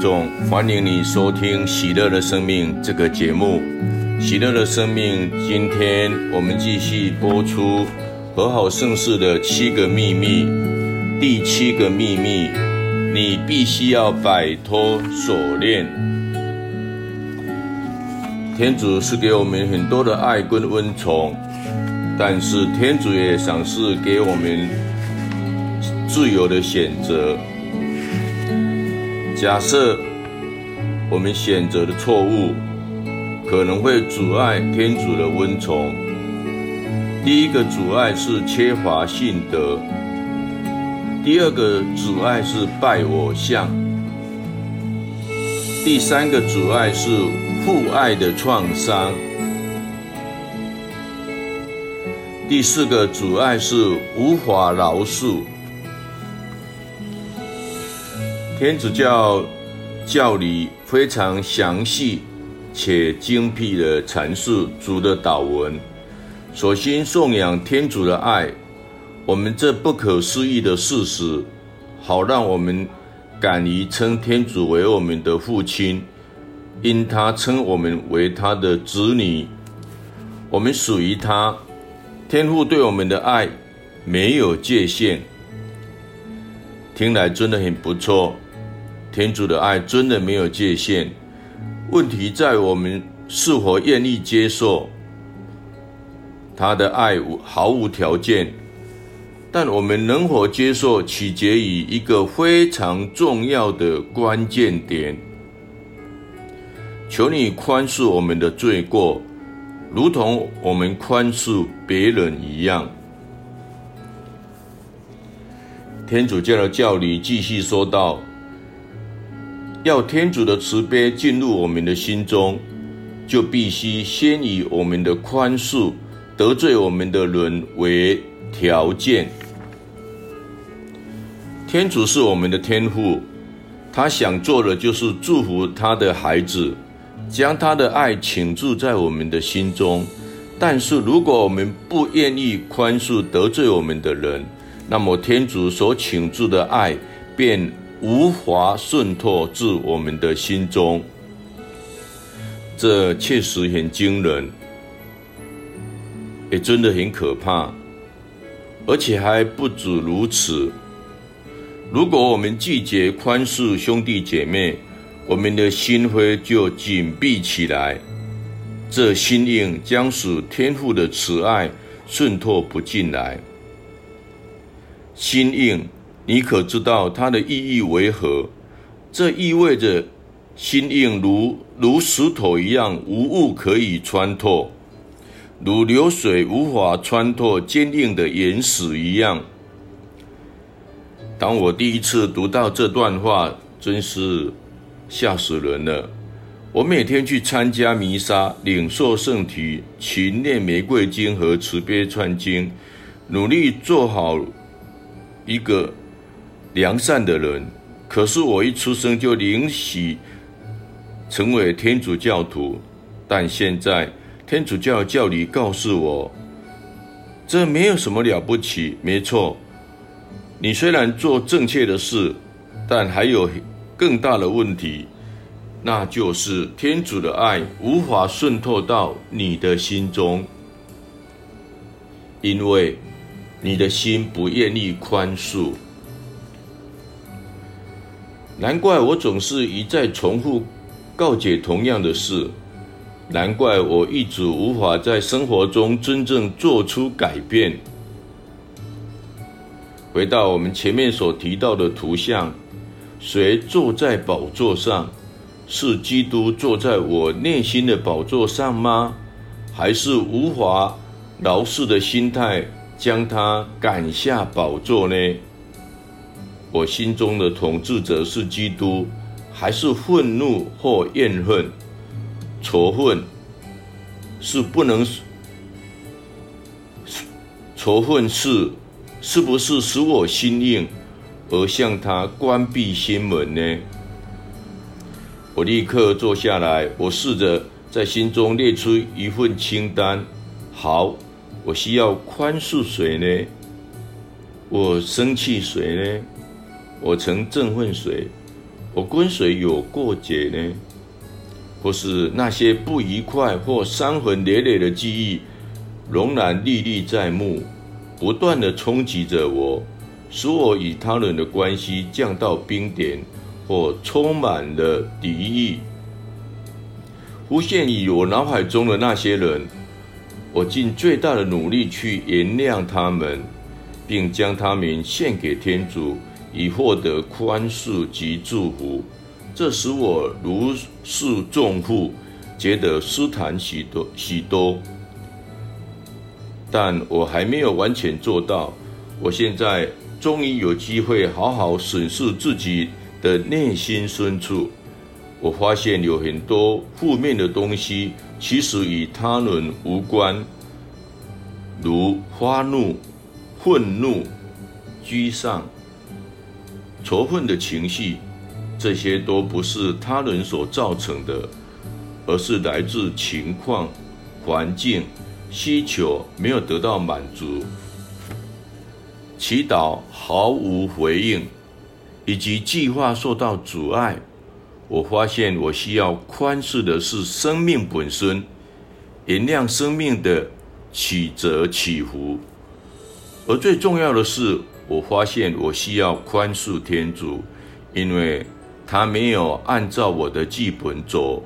總歡迎你收聽《喜樂的生命》這個節目，《喜樂的生命》，今天我們繼續播出《和好聖事的七個秘密》。第七個秘密，你必須要擺脫鎖鏈。天主是給我們很多的愛跟恩寵，但是天主也賞賜給我們自由的選擇。假設我們選擇的錯誤，可能會阻礙天主的恩寵，第一個阻礙是缺乏信德，第二個阻礙是拜我相，第三個阻礙是父愛的創傷，第四個阻礙是無法饒恕。天主教教理非常詳細且精闢的闡述主的禱文，首先頌揚天主的愛，我們這不可思議的事實，好讓我們敢於稱天主為我們的父親，因他稱我們為他的子女，我們屬於他，天父對我們的愛沒有界限。聽來真的很不錯。天主的愛真的沒有界限，問題在我們是否願意接受，他的愛毫無條件。但我們能否接受，取決於一個非常重要的關鍵點。求你寬恕我們的罪過，如同我們寬恕別人一樣。天主教的教理繼續說道。要天主的慈悲進入我們的心中，就必須先以我們的寬恕得罪我們的人為條件。天主是我們的天父，他想做的就是祝福他的孩子，將他的愛傾注在我們的心中。但是如果我們不願意寬恕得罪我們的人，那麼天主所傾注的愛便。無法滲透至我們的心中，這確實很驚人，也真的很可怕。而且還不止如此，如果我們拒絕寬恕兄弟姐妹，我們的心扉就緊閉起來，這心硬將使天父的慈愛滲透不進來。心硬。你可知道它的意義為何？這意味着心硬如如石頭一樣，無物可以穿透，如流水無法穿透堅硬的岩石一樣。當我第一次讀到這段話，真是嚇死人了。我每天去參加彌撒，領受聖體，勤念玫瑰經和慈悲串經，努力做好一個。良善的人，可是我一出生就領洗，成為天主教徒，但現在天主教教理告訴我，這沒有什麼了不起，沒錯。你雖然做正確的事，但還有更大的問題，那就是天主的愛無法滲透到你的心中，因為你的心不願意寬恕。難怪我總是一再重複告解同樣的事，難怪我一直無法在生活中真正做出改變。回到我們前面所提到的圖像，誰坐在寶座上？是基督坐在我內心的寶座上嗎？還是無法饒恕的心態將他趕下寶座呢？我心中的統治者是基督，還是憤怒或怨恨、仇恨？是不能。仇恨是是不是使我心硬而向他關閉心門呢？我立刻坐下來，我試着在心中列出一份清單。好，我需要寬恕誰呢？我生氣誰呢？我曾憎恨誰？我跟誰有過節呢？或是那些不愉快或傷痕累累的記憶，仍然歷歷在目，不斷地衝擊着我，使我與他人的關係降到冰點，或充滿了敵意。浮現於我腦海中的那些人，我盡最大的努力去原諒他們，並將他們獻給天主。以獲得寬恕及祝福，這使我如釋重負，覺得舒坦許多許多。但我還沒有完全做到。我現在終於有機會好好審視自己的內心深處，我發現有很多負面的東西，其實與他人無關，如發怒、憤怒、沮喪。仇恨的情緒，這些都不是他人所造成的，而是來自情況、環境、需求沒有得到滿足，祈禱毫無回應，以及計劃受到阻礙。我發現我需要寬恕的是生命本身，原諒生命的曲折起伏，而最重要的是。我發現我需要寬恕天主，因為他沒有按照我的劇本做。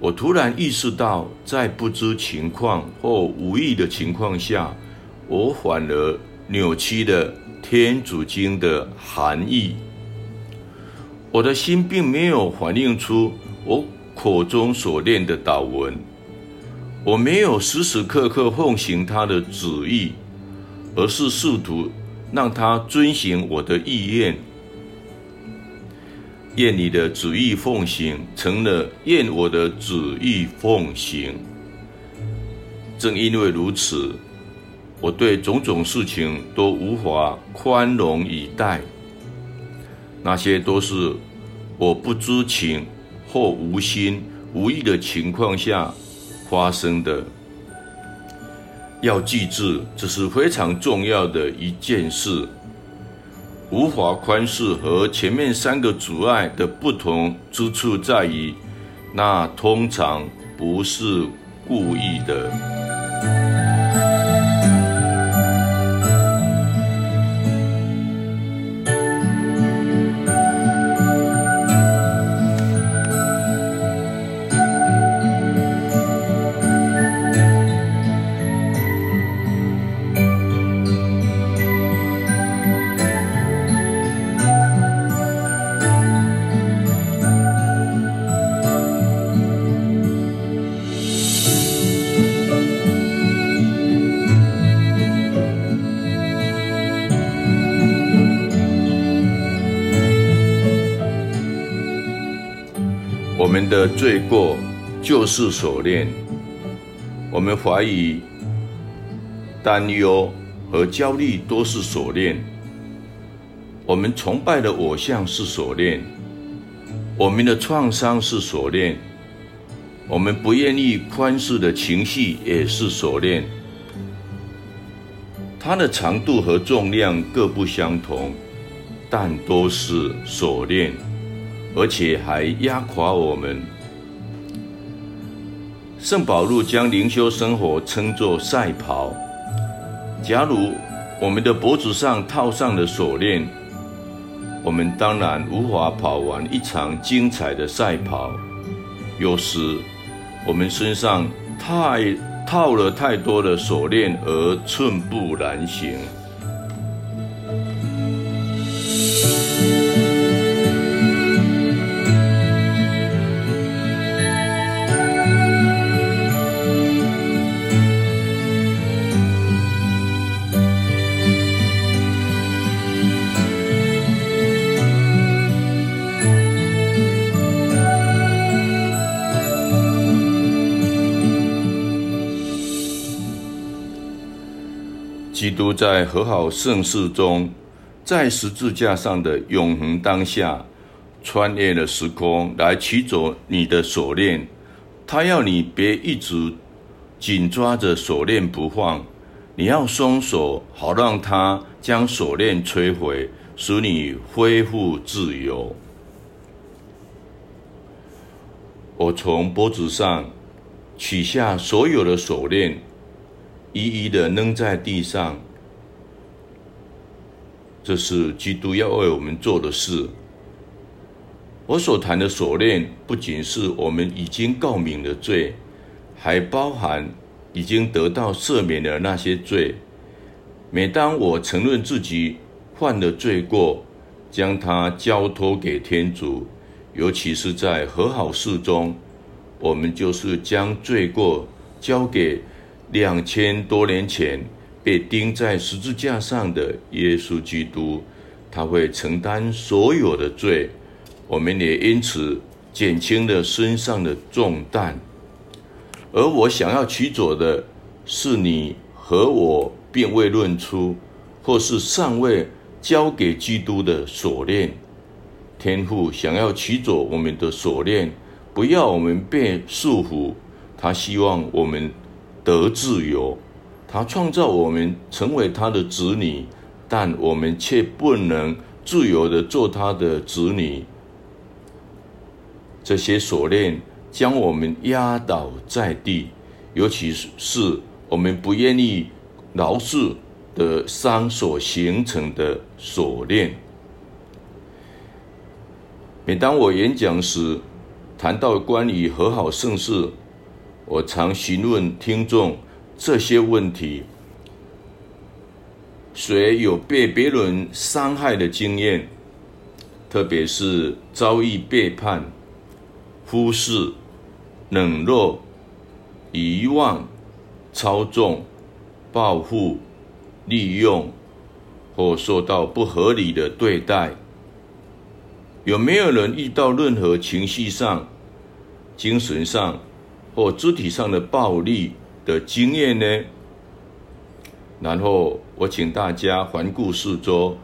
我突然意識到，在不知情況或無意的情況下，我反而扭曲了天主經的含義。我的心並沒有反映出我口中所念的禱文，我沒有時時刻刻奉行他的旨意。而是試圖讓他遵循我的意願，願你的旨意奉行，成了願我的旨意奉行。正因為如此，我對種種事情都無法寬容以待。那些都是我不知情或無心無意的情況下發生的。要記住，這是非常重要的一件事。無法寬恕和前面三個阻礙的不同之處在於，那通常不是故意的。我們的罪過就是鎖鏈。我們懷疑、擔憂和焦慮都是鎖鏈。我們崇拜的偶像是鎖鏈。我們的創傷是鎖鏈。我們不願意寬恕的情緒也是鎖鏈。它的長度和重量各不相同，但都是鎖鏈。而且還壓垮我們。聖保祿將靈修生活稱作賽跑。假如我們的脖子上套上了鎖鏈，我們當然無法跑完一場精彩的賽跑。有時我們身上太套了太多的鎖鏈，而寸步難行。基督在和好聖事中，在十字架上的永恆當下，穿越了時空來取走你的鎖鏈。他要你別一直緊抓着鎖鏈不放，你要鬆手，好讓他將鎖鏈摧毀，使你恢復自由。我從脖子上取下所有的鎖鏈，一一的扔在地上，這是基督要為我們做的事。我所談的鎖鏈不僅是我們已經告明的罪，還包含已經得到赦免的那些罪。每當我承認自己犯了罪過，將它交托給天主，尤其是在和好事中，我們就是將罪過交給。兩千多年前被釘在十字架上的耶穌基督，他會承擔所有的罪，我們也因此減輕了身上的重擔。而我想要取走的是你和我並未論出，或是尚未交給基督的鎖鏈。天父想要取走我們的鎖鏈，不要我們被束縛。他希望我們。得自由，他創造我們成為他的子女，但我們卻不能自由的做他的子女。這些鎖鏈將我們壓倒在地，尤其是我們不願意饒恕的傷所形成的鎖鏈。每當我演講時，談到關於和好聖事，我常詢問聽眾這些問題：誰有被別人傷害的經驗？特別是遭遇背叛、忽視、冷落、遺忘、操縱、報復、利用或受到不合理的對待？有沒有人遇到任何情緒上、精神上？或肢體上的暴力的經驗呢？然後我請大家環顧四周，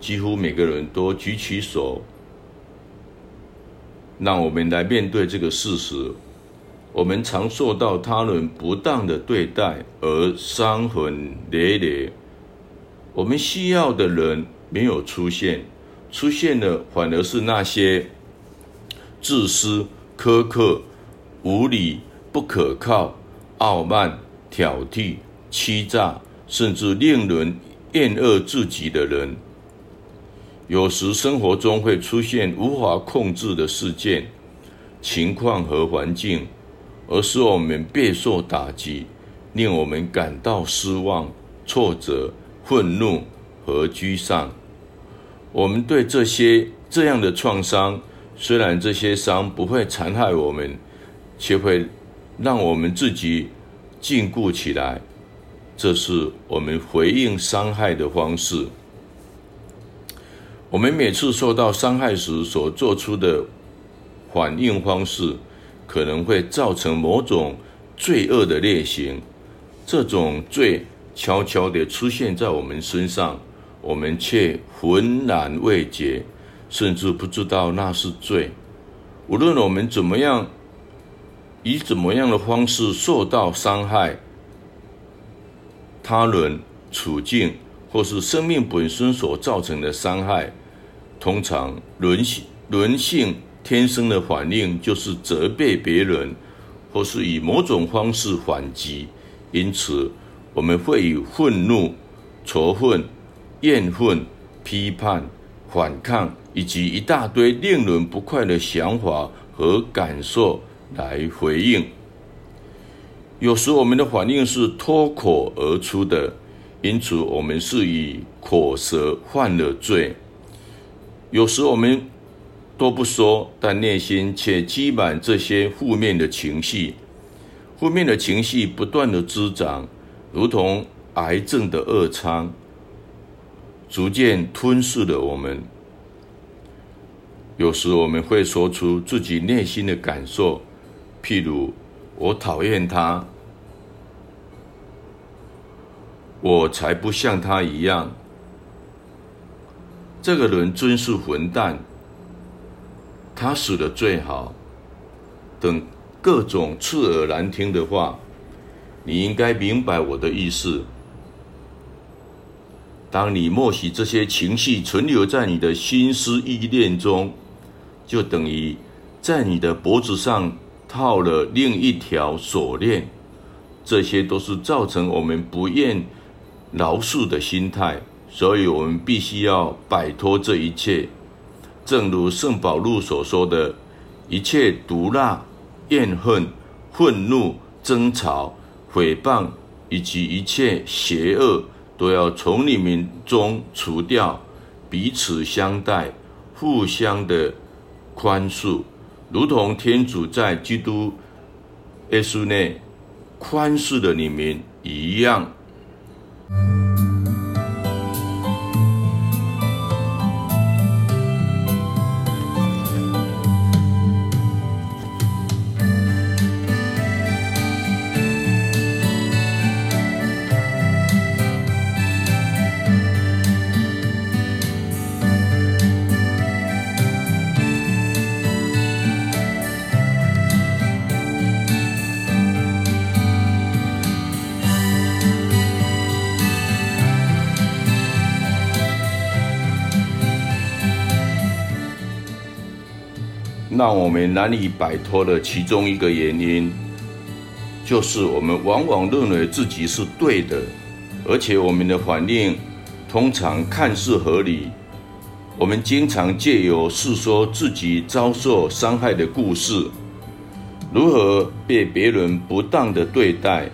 幾乎每個人都舉起手。讓我們來面對這個事實：我們常受到他人不當的對待而傷痕累累。我們需要的人沒有出現，出現的反而是那些自私、苛刻。無理、不可靠、傲慢、挑剔、欺詐、甚至令人厭惡至極的人，有時生活中會出現無法控制的事件、情況和環境，而使我們備受打擊，令我們感到失望、挫折、憤怒和沮喪。我們對這些這樣的創傷，雖然這些傷不會殘害我們。卻會讓我們自己禁錮起來，這是我們回應傷害的方式。我們每次受到傷害時所做出的反應方式，可能會造成某種罪惡的類型。這種罪悄悄地出現在我們身上，我們卻渾然未覺，甚至不知道那是罪。無論我們怎麼樣，以怎麼樣的方式受到傷害，他人處境或是生命本身所造成的傷害，通常人性人性天生的反應就是責備別人，或是以某種方式反擊。因此，我們會以憤怒、仇恨、怨恨、批判、反抗，以及一大堆令人不快的想法和感受。來回應。有時我們的反應是脫口而出的，因此我們是以口舌犯了罪。有時我們都不說，但內心卻積滿這些負面的情緒，負面的情緒不斷的滋長，如同癌症的惡瘡，逐漸吞噬了我們。有時我們會說出自己內心的感受。譬如，我討厭他，我才不像他一樣。這個人真是混蛋，他死的最好，等各種刺耳難聽的話，你應該明白我的意思。當你默許這些情緒存留在你的心思意念中，就等於在你的脖子上，套了另一條鎖鏈，這些都是造成我們不願饒恕的心態，所以我們必須要擺脫這一切。正如聖保祿所說的，一切毒辣、怨恨、憤怒、爭吵、誹謗以及一切邪惡，都要從你們中除掉。彼此相待，互相的寬恕，如同天主在基督耶穌內寬恕了你們一樣。讓我們難以擺脫的其中一個原因，就是我們往往認為自己是對的，而且我們的反應通常看似合理。我們經常借由訴說自己遭受傷害的故事，如何被別人不當的對待、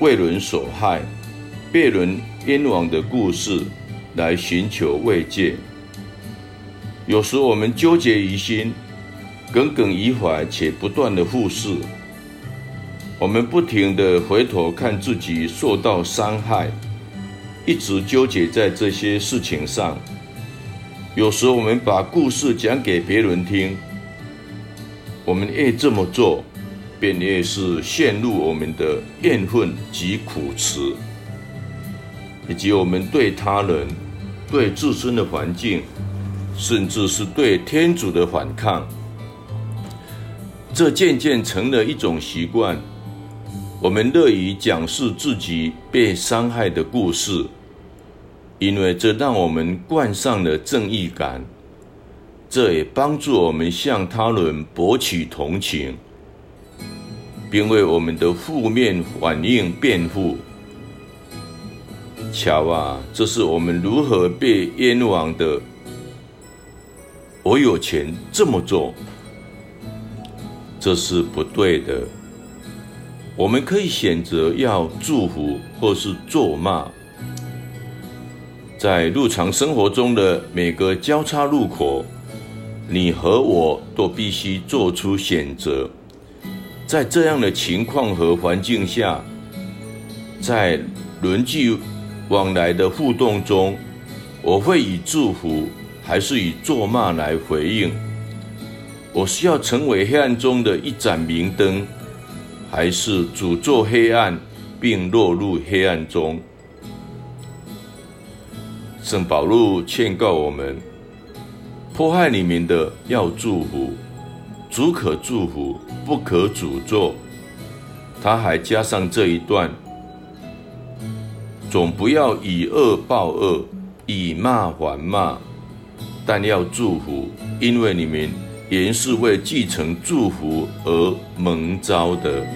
為人所害、被人冤枉的故事，來尋求慰藉。有時我們糾結於心。耿耿於懷且不斷的複視，我們不停的回頭看自己受到傷害，一直糾結在這些事情上。有時我們把故事講給別人聽，我們越這麼做，便越是陷入我們的怨恨及苦恥，以及我們對他人、對自身的環境，甚至是對天主的反抗。這漸漸成了一種習慣，我們樂於講述自己被傷害的故事，因為這讓我們冠上了正義感，這也幫助我們向他人博取同情，並為我們的負面反應辯護。瞧啊，這是我們如何被冤枉的！我有錢這麼做。這是不對的。我們可以選擇要祝福，或是咒罵。在日常生活中的每個交叉路口，你和我都必須做出選擇。在這樣的情況和環境下，在人際往來的互動中，我會以祝福，還是以咒罵來回應？我需要成為黑暗中的一盞明燈，還是詛咒黑暗並落入黑暗中？聖保祿勸告我們：迫害你們的要祝福，只可祝福，不可詛咒。他還加上這一段：總不要以惡報惡，以罵還罵，但要祝福，因為你們。也是為繼承祝福而蒙召的。